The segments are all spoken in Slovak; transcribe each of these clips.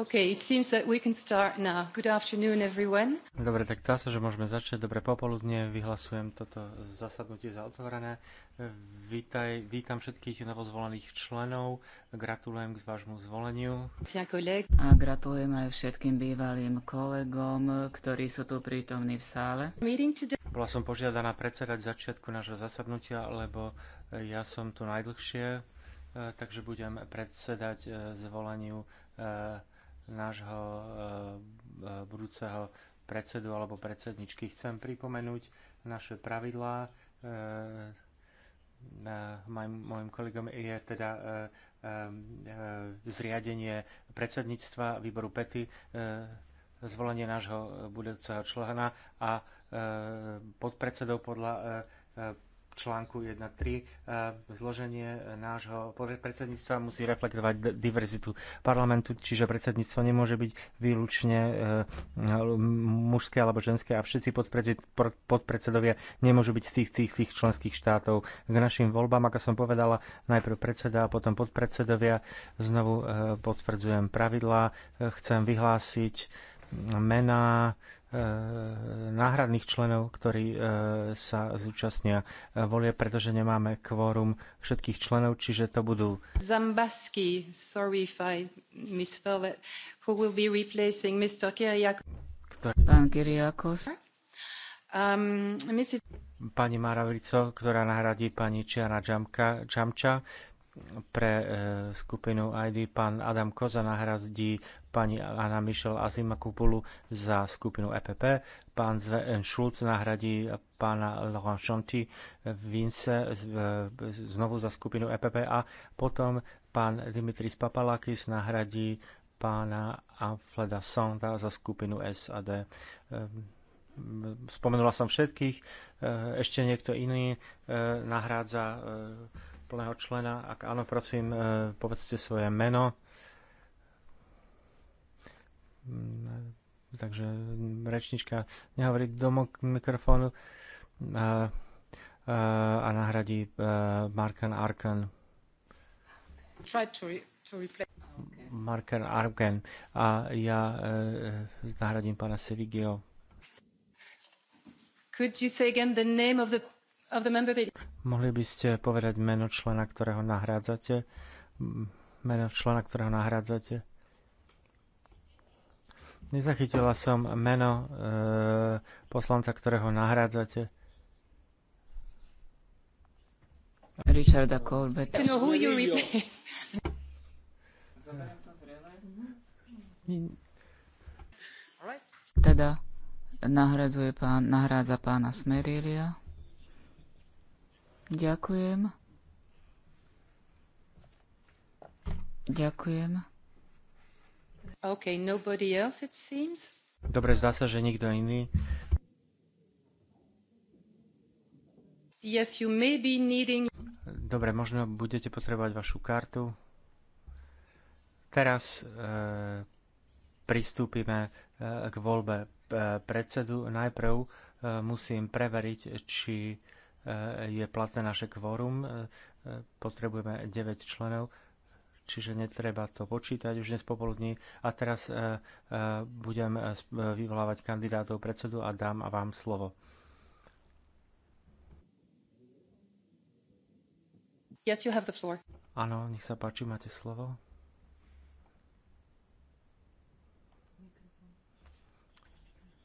Okay, it seems that we can start now. Good afternoon, everyone. Dobre, tak zdá sa, že môžeme začať. Dobre popoludne, vyhlasujem toto zasadnutie za otvorené. Vítaj, vítam všetkých novozvolených členov, gratulujem k vášmu zvoleniu. A gratulujem aj všetkým bývalým kolegom, ktorí sú tu prítomní v sále. Bola som požiadaná predsedať začiatku nášho zasadnutia, lebo ja som tu najdlhšie, e, takže budem predsedať e, zvoleniu e, nášho eh, eh, budúceho predsedu alebo predsedničky. Chcem pripomenúť naše pravidlá. Eh, mojim kolegom je teda zriadenie predsedníctva výboru PETY, zvolenie nášho budúceho člena a podpredsedov podľa článku 1.3 e, zloženie nášho predsedníctva musí reflektovať diverzitu parlamentu, čiže predsedníctvo nemôže byť výlučne e, mužské alebo ženské a všetci podpredsedovia nemôžu byť z tých, tých, tých členských štátov. K našim voľbám, ako som povedala, najprv predseda a potom podpredsedovia. Znovu e, potvrdzujem pravidlá. Chcem vyhlásiť mená Eh, náhradných členov, ktorí eh, sa zúčastnia eh, volie, pretože nemáme kvórum všetkých členov, čiže to budú... Zambasky, sorry if I misspell it, who will be replacing Mr. Kyriakos. Ktorý... Pán Kyriakos. Um, Mrs. Pani Maravico, ktorá nahradí pani Čiana Čamča pre skupinu ID, pán Adam Koza nahradí pani Anna Michel Azimakupulu za skupinu EPP, pán Sven Schulz nahradí pána Laurent Chanty Vince znovu za skupinu EPP a potom pán Dimitris Papalakis nahradí pána Alfreda Sonda za skupinu SAD. Ehm, spomenula som všetkých, ehm, ešte niekto iný ehm, nahrádza plného člena. Ak áno, prosím, povedzte svoje meno. Mm, takže rečnička nehovorí do mikrofónu a, a, a nahradí e, Markan Arkan. Markan Arkan a ja e, e, nahradím pána Sevigio. Could you say again the name of the, of the member that... Mohli by ste povedať meno člena, ktorého nahrádzate? Meno člena, ktorého nahrádzate? Nezachytila som meno e, poslanca, ktorého nahrádzate. Richarda you Teda nahradzuje pán, nahrádza pána Smerilia. Ďakujem. Ďakujem. Okay, nobody else it seems. Dobre, zdá sa, že nikto iný. Yes, you may be needing... Dobre, možno budete potrebovať vašu kartu. Teraz e, pristúpime e, k voľbe e, predsedu. Najprv e, musím preveriť, či e, je platné naše kvórum. E, e potrebujeme 9 členov. E, čiže netreba to počítať už dnes popoludní. A teraz e, e, budem e, vyvolávať kandidátov predsedu a dám vám slovo. Yes, you have the floor. Áno, nech sa páči, máte slovo.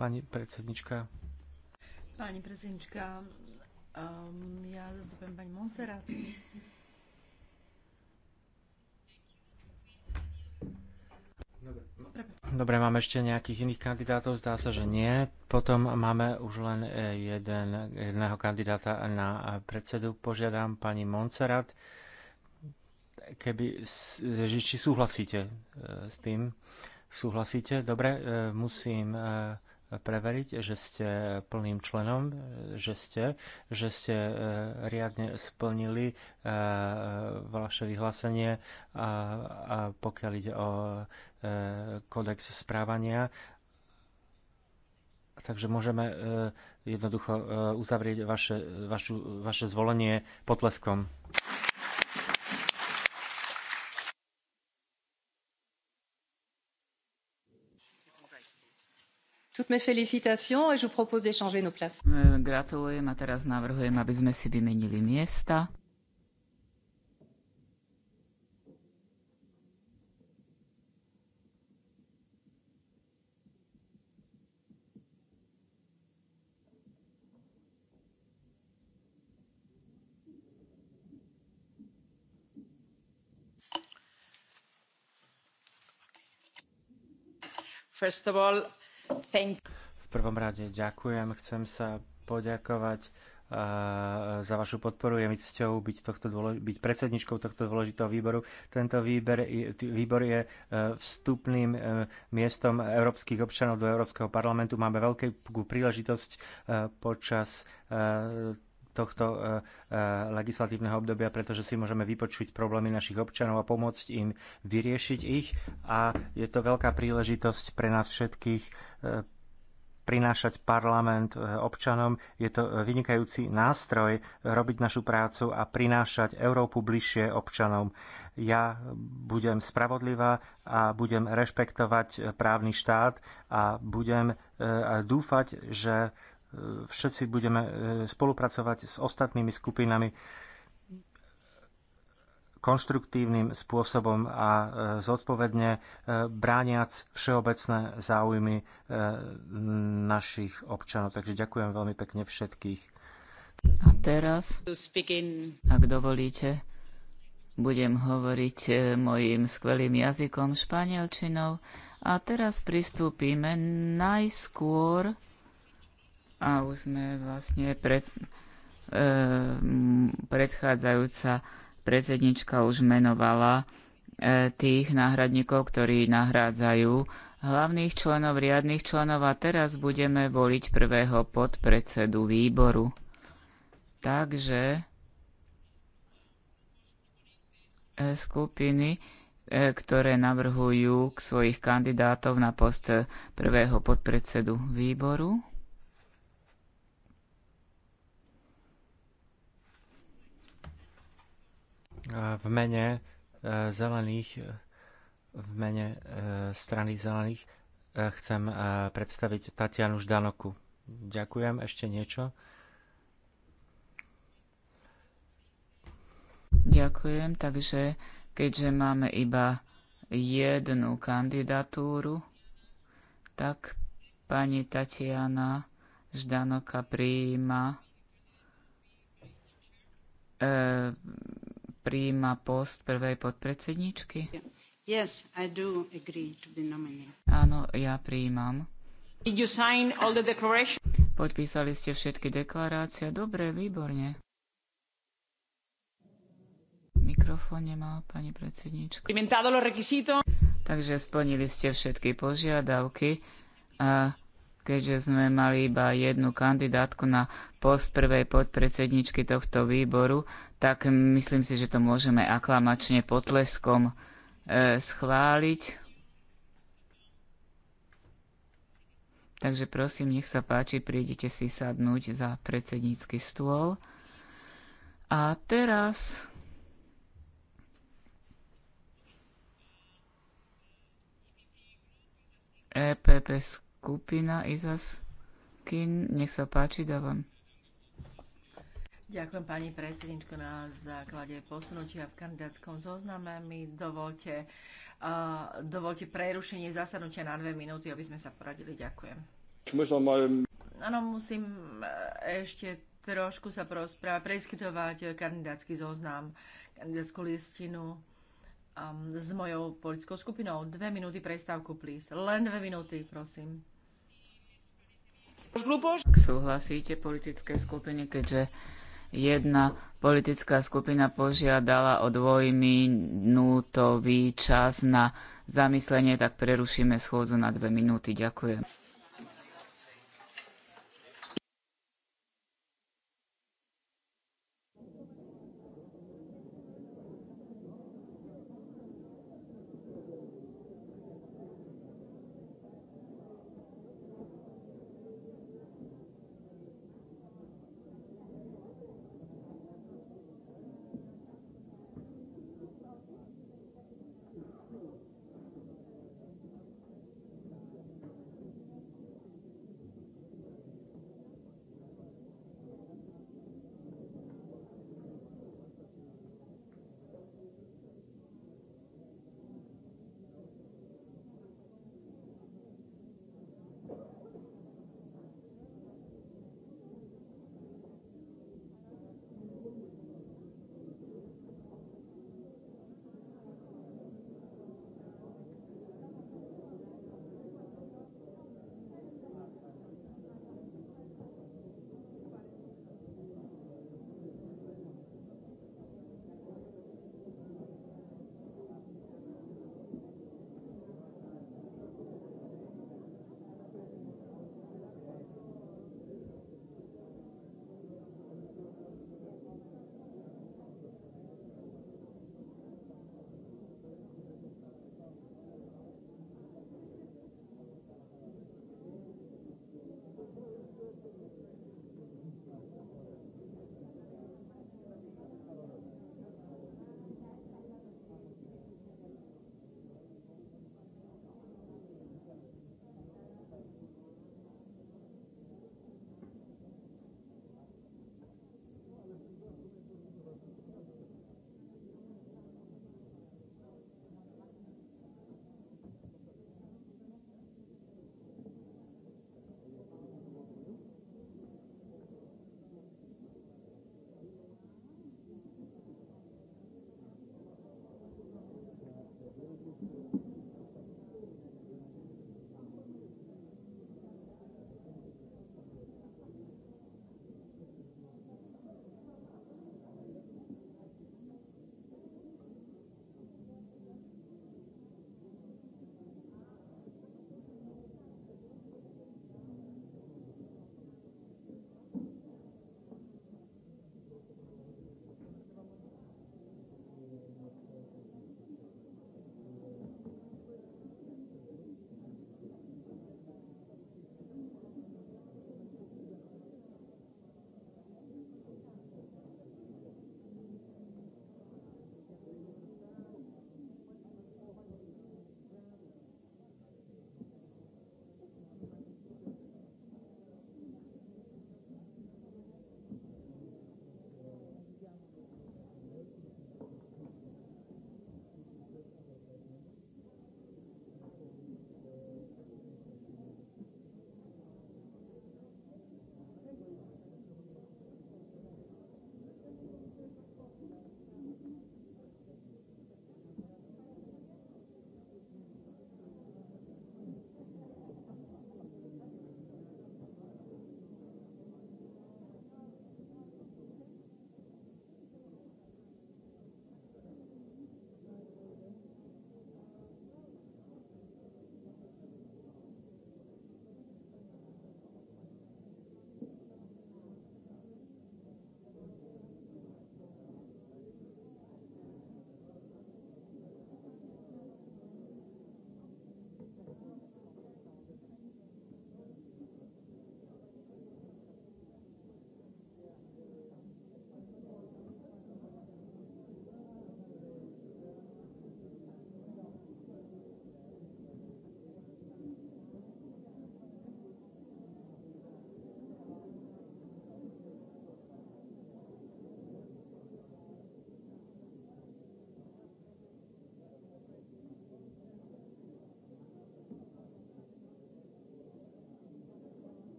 Pani predsednička. Pani predsednička, um, ja zastupujem pani Monserrat. Dobre. máme ešte nejakých iných kandidátov? Zdá sa, že nie. Potom máme už len e, jeden, jedného kandidáta na e, predsedu. Požiadam pani Monserrat, keby, či súhlasíte e, s tým. Súhlasíte? Dobre, musím preveriť, že ste plným členom, že ste, že ste e, riadne splnili e, vaše vyhlásenie a, a pokiaľ ide o e, kódex správania. Takže môžeme jednoducho uzavrieť vaše, vašu, vaše zvolenie potleskom. Toutes mes félicitations et je vous propose d'échanger nos places. E, gratulujem a teraz navrhujem, aby sme si vymenili miesta. First of all, v prvom rade ďakujem. Chcem sa poďakovať eh, za vašu podporu. Je mi cťou byť, tohto dôlež- byť predsedničkou tohto dôležitého výboru. Tento výber, výbor je eh, vstupným eh, miestom európskych občanov do Európskeho parlamentu. Máme veľkú príležitosť počas tohto e, e, legislatívneho obdobia, pretože si môžeme vypočuť problémy našich občanov a pomôcť im vyriešiť ich. A je to veľká príležitosť pre nás všetkých e, prinášať parlament občanom. Je to vynikajúci nástroj robiť našu prácu a prinášať Európu bližšie občanom. Ja budem spravodlivá a budem rešpektovať právny štát a budem dúfať, že všetci budeme e, spolupracovať s ostatnými skupinami konštruktívnym spôsobom a e, zodpovedne e, brániac všeobecné záujmy našich občanov. Takže ďakujem veľmi pekne všetkých. A teraz, ak dovolíte, budem hovoriť mojim skvelým jazykom španielčinou a teraz pristúpime najskôr a už sme vlastne pred, e, predchádzajúca predsednička už menovala e, tých náhradníkov, ktorí nahrádzajú hlavných členov, riadných členov a teraz budeme voliť prvého podpredsedu výboru. Takže e, skupiny, e, ktoré navrhujú k svojich kandidátov na post e, prvého podpredsedu výboru. Eh, v mene eh, zelených, eh, v mene strany zelených chcem predstaviť Tatianu Ždanoku. Ďakujem. Ešte niečo? Ďakujem. Takže keďže máme iba jednu kandidatúru, tak pani Tatiana Ždanoka prijíma prijíma post prvej podpredsedničky? Yes, I do agree to the nominee. Áno, ja prijímam. Did you sign all the declaration? Podpísali ste všetky deklarácie. Dobre, výborne. Mikrofón nemá pani predsednička. Takže splnili ste všetky požiadavky. A keďže sme mali iba jednu kandidátku na post prvej podpredsedničky tohto výboru, tak myslím si, že to môžeme aklamačne potleskom e, schváliť. Takže prosím, nech sa páči, prídite si sadnúť za predsednícky stôl. A teraz EPP skupina KIN, Nech sa páči, dávam. Ďakujem pani predsedničko na základe posunutia v kandidátskom zozname. Mi dovolte, uh, dovolte prerušenie zasadnutia na dve minúty, aby sme sa poradili. Ďakujem. Áno, musím e, ešte trošku sa prosprávať, preskytovať kandidátsky zoznam, kandidátsku listinu um, s mojou politickou skupinou. Dve minúty prestávku, please. Len dve minúty, prosím. Súhlasíte politické skupiny, keďže jedna politická skupina požiadala o dvojminútový čas na zamyslenie, tak prerušíme schôdzu na dve minúty. Ďakujem.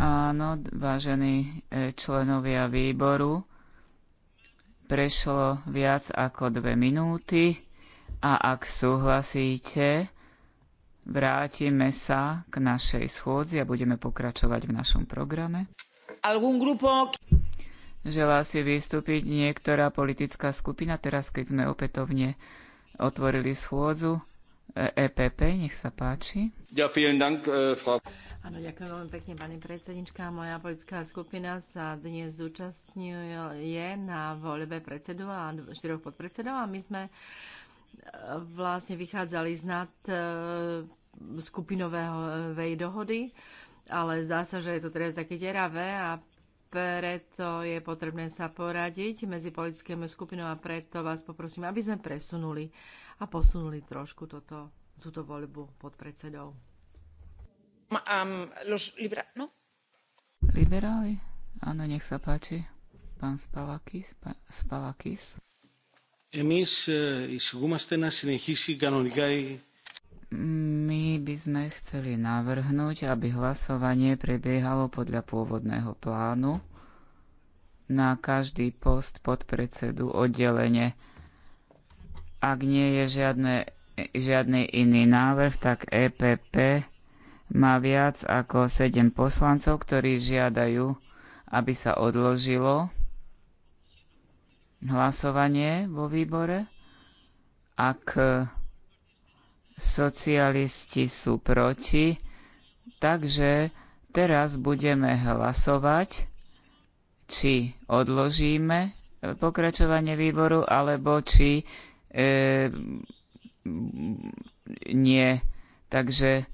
Áno, vážení e, členovia výboru, prešlo viac ako dve minúty a ak súhlasíte, vrátime sa k našej schôdzi a budeme pokračovať v našom programe. Želá si vystúpiť niektorá politická skupina teraz, keď sme opätovne otvorili schôdzu. EPP, nech sa páči. Ja, vielen Dank, äh, Frau. Áno, ďakujem veľmi pekne, pani predsednička. Moja politická skupina sa dnes zúčastňuje na voľbe predsedu a štyroch podpredsedov a my sme äh, vlastne vychádzali z nad äh, skupinovej dohody, ale zdá sa, že je to teraz také deravé a preto je potrebné sa poradiť medzi politickými skupinou a preto vás poprosím, aby sme presunuli a posunuli trošku toto, túto voľbu pod predsedou. Um, los libera no? Liberáli? Áno, nech sa páči. Pán Spalakis. Pa- Spalakis. Εμείς εισηγούμαστε να συνεχίσει κανονικά η my by sme chceli navrhnúť, aby hlasovanie prebiehalo podľa pôvodného plánu na každý post podpredsedu oddelenie. Ak nie je žiadne, žiadny iný návrh, tak EPP má viac ako 7 poslancov, ktorí žiadajú, aby sa odložilo hlasovanie vo výbore. Ak socialisti sú proti, takže teraz budeme hlasovať, či odložíme e, pokračovanie výboru, alebo či e, nie. Takže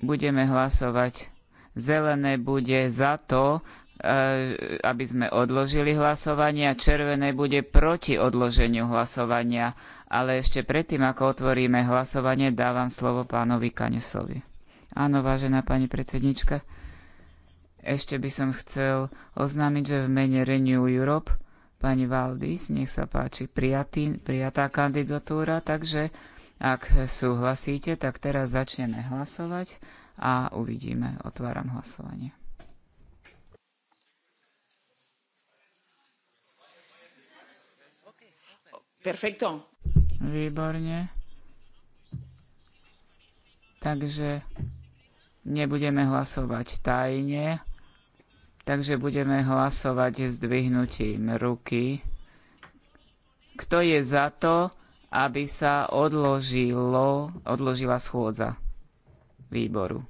budeme hlasovať. Zelené bude za to E, aby sme odložili hlasovanie a červené bude proti odloženiu hlasovania. Ale ešte predtým, ako otvoríme hlasovanie, dávam slovo pánovi Kanesovi. Áno, vážená pani predsednička. Ešte by som chcel oznámiť, že v mene Renew Europe pani Valdis, nech sa páči, prijatý, prijatá kandidatúra, takže ak súhlasíte, tak teraz začneme hlasovať a uvidíme. Otváram hlasovanie. Perfekto. Výborne. Takže nebudeme hlasovať tajne, takže budeme hlasovať zdvihnutím ruky. Kto je za to, aby sa odložilo, odložila schôdza výboru?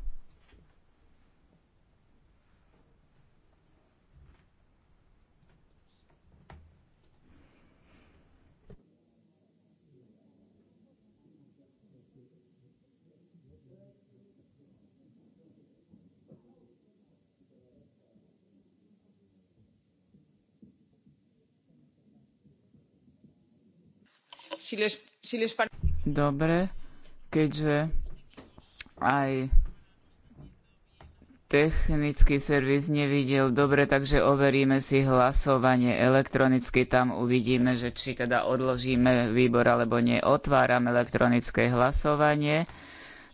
Dobre, keďže aj technický servis nevidel dobre, takže overíme si hlasovanie elektronicky. Tam uvidíme, že či teda odložíme výbor alebo nie. Otváram elektronické hlasovanie.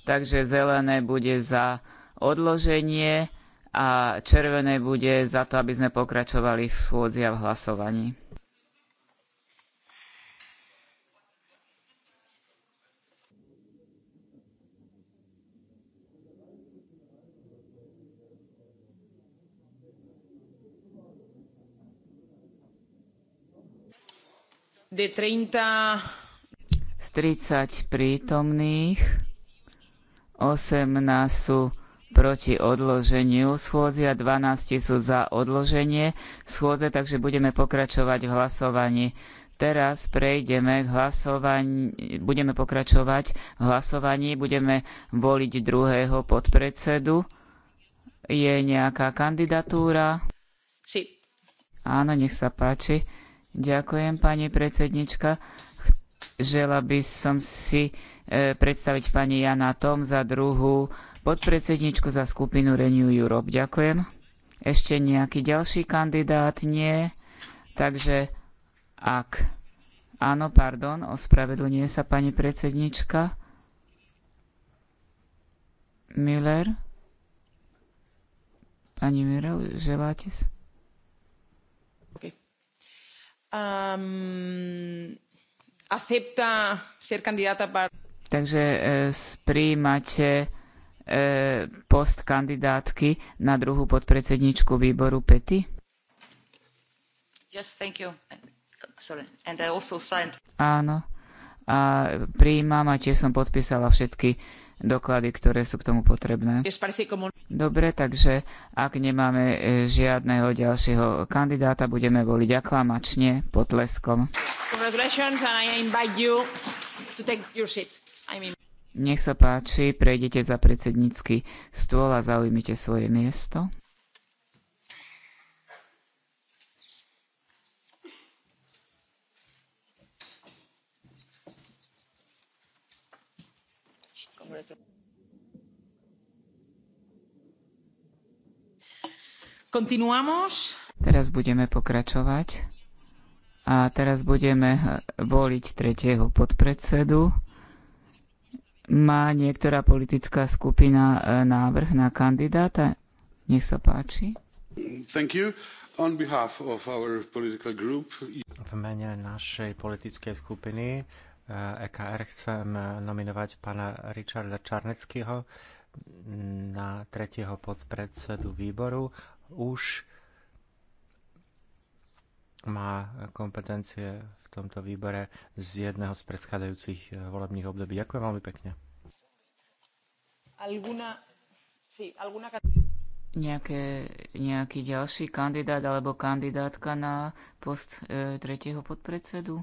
Takže zelené bude za odloženie a červené bude za to, aby sme pokračovali v schôdzi a v hlasovaní. 30... Z 30 prítomných 18 sú proti odloženiu schôdzi a 12 sú za odloženie schôdze, takže budeme pokračovať v hlasovaní. Teraz prejdeme k hlasovaní, budeme pokračovať v hlasovaní, budeme voliť druhého podpredsedu. Je nejaká kandidatúra? Sí. Áno, nech sa páči. Ďakujem, pani predsednička. Žela by som si e, predstaviť pani Jana Tom za druhú podpredsedničku za skupinu Renew Europe. Ďakujem. Ešte nejaký ďalší kandidát? Nie. Takže ak... Áno, pardon, ospravedlňuje sa pani predsednička. Miller? Pani Miller, želáte sa? Takže e, eh, prijímate eh, post kandidátky na druhú podpredsedničku výboru PETI? Yes, thank you. Sorry. And I also signed... Áno. A prijímam a tiež som podpísala všetky doklady, ktoré sú k tomu potrebné. Dobre, takže ak nemáme e, žiadneho ďalšieho kandidáta, budeme voliť aklamačne potleskom. Nech sa páči, prejdete za predsednícky stôl a zaujmite svoje miesto. Continuamos. Teraz budeme pokračovať. A teraz budeme eh, voliť tretieho podpredsedu. Má niektorá politická skupina eh, návrh na kandidáta? Nech sa páči. Thank you. On behalf of our political group... V mene našej politickej skupiny EKR eh, e chcem nominovať pána Richarda Čarneckého mm, na tretieho podpredsedu výboru už má kompetencie v tomto výbore z jedného z predchádzajúcich eh, volebných období. Ďakujem veľmi pekne. Nejaké, nejaký ďalší kandidát alebo kandidátka na post e, tretieho podpredsedu?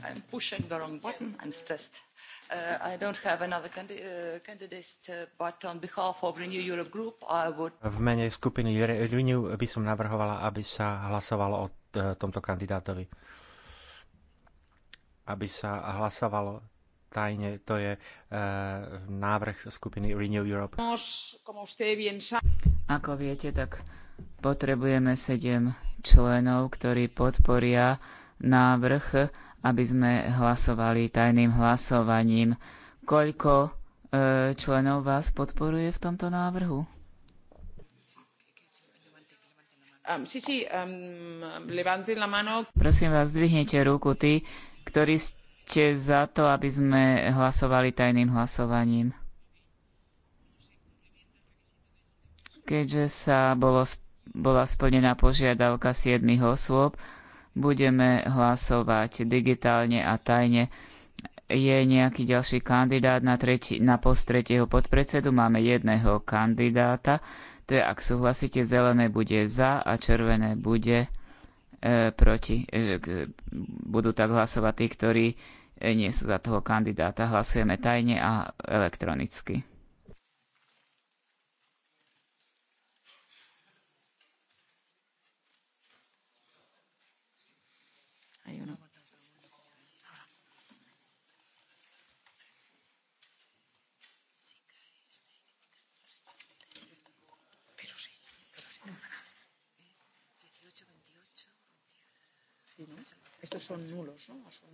I'm pushing the wrong button. I'm stressed. Uh, I don't have another candi uh, candidate, uh, but on behalf of Renew Europe Group, I would... V mene skupiny Renew by som navrhovala, aby sa hlasovalo o e, tomto kandidátovi. Aby sa hlasovalo tajne, to je uh, návrh skupiny Renew Europe. Ako viete, tak potrebujeme sedem členov, ktorí podporia návrh aby sme hlasovali tajným hlasovaním. Koľko e, členov vás podporuje v tomto návrhu? Um, sí, sí, um, la mano. Prosím vás, zdvihnete ruku tí, ktorí ste za to, aby sme hlasovali tajným hlasovaním. Keďže sa bolo, bola splnená požiadavka siedmých osôb, budeme hlasovať digitálne a tajne. Je nejaký ďalší kandidát na, tretí, na post tretieho podpredsedu? Máme jedného kandidáta. To je, ak súhlasíte, zelené bude za a červené bude e, proti. E, budú tak hlasovať tí, ktorí e, nie sú za toho kandidáta. Hlasujeme tajne a elektronicky. votos son nulos. ¿no? Son...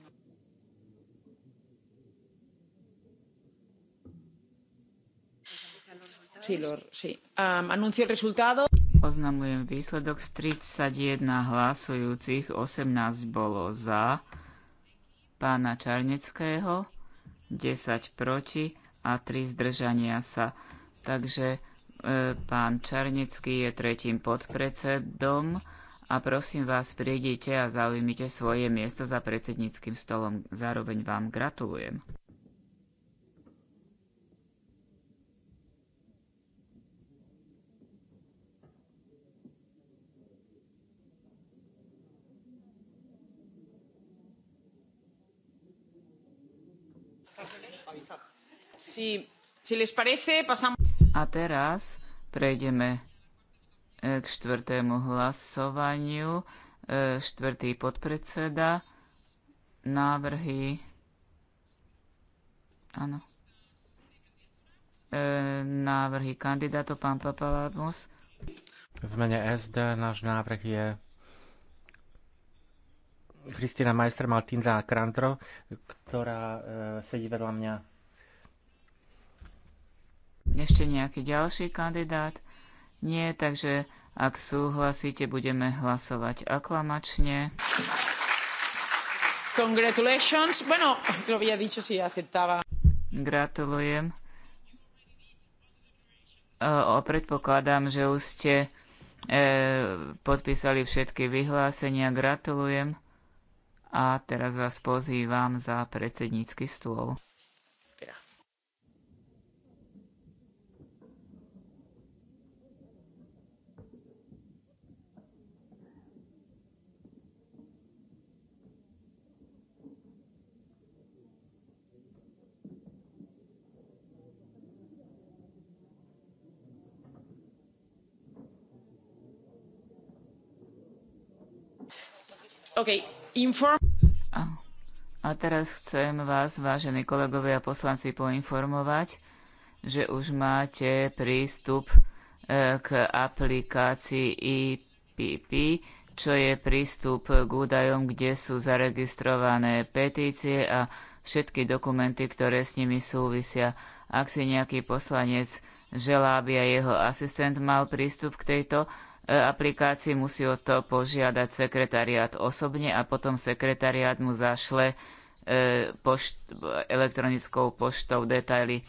Sí, lo, sí. Um, anuncio el resultado. Oznamujem výsledok z 31 hlasujúcich, 18 bolo za pána Čarneckého, 10 proti a 3 zdržania sa. Takže e, pán Čarnecký je tretím podpredsedom a prosím vás, prídite a zaujmite svoje miesto za predsedníckým stolom. Zároveň vám gratulujem. A teraz prejdeme E, k štvrtému hlasovaniu. E, štvrtý podpredseda. Návrhy. Áno. E, návrhy kandidátov, pán Papalamos. V mene SD náš návrh je Kristina Majster Maltinda Krantro, ktorá sedí vedľa mňa. Ešte nejaký ďalší kandidát? Nie, takže ak súhlasíte, budeme hlasovať aklamačne. Congratulations. Bueno, lo había dicho si aceptaba. Gratulujem. o, predpokladám, že už ste e, podpísali všetky vyhlásenia. Gratulujem. A teraz vás pozývam za predsednícky stôl. A, a teraz chcem vás, vážení kolegovia poslanci, poinformovať, že už máte prístup e, k aplikácii IPP, čo je prístup k údajom, kde sú zaregistrované petície a všetky dokumenty, ktoré s nimi súvisia. Ak si nejaký poslanec želá, aby aj jeho asistent mal prístup k tejto aplikácii musí o to požiadať sekretariát osobne a potom sekretariát mu zašle e, pošt, elektronickou poštou detaily. E,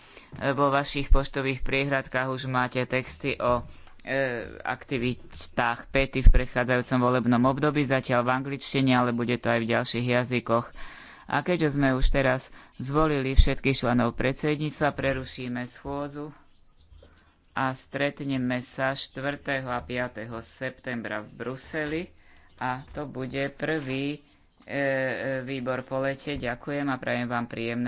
vo vašich poštových priehradkách už máte texty o e, aktivitách pety v predchádzajúcom volebnom období, zatiaľ v angličtine, ale bude to aj v ďalších jazykoch. A keďže sme už teraz zvolili všetkých členov predsedníctva, prerušíme schôdzu a stretneme sa 4. a 5. septembra v Bruseli a to bude prvý e, e, výbor po lete. Ďakujem a prajem vám príjemné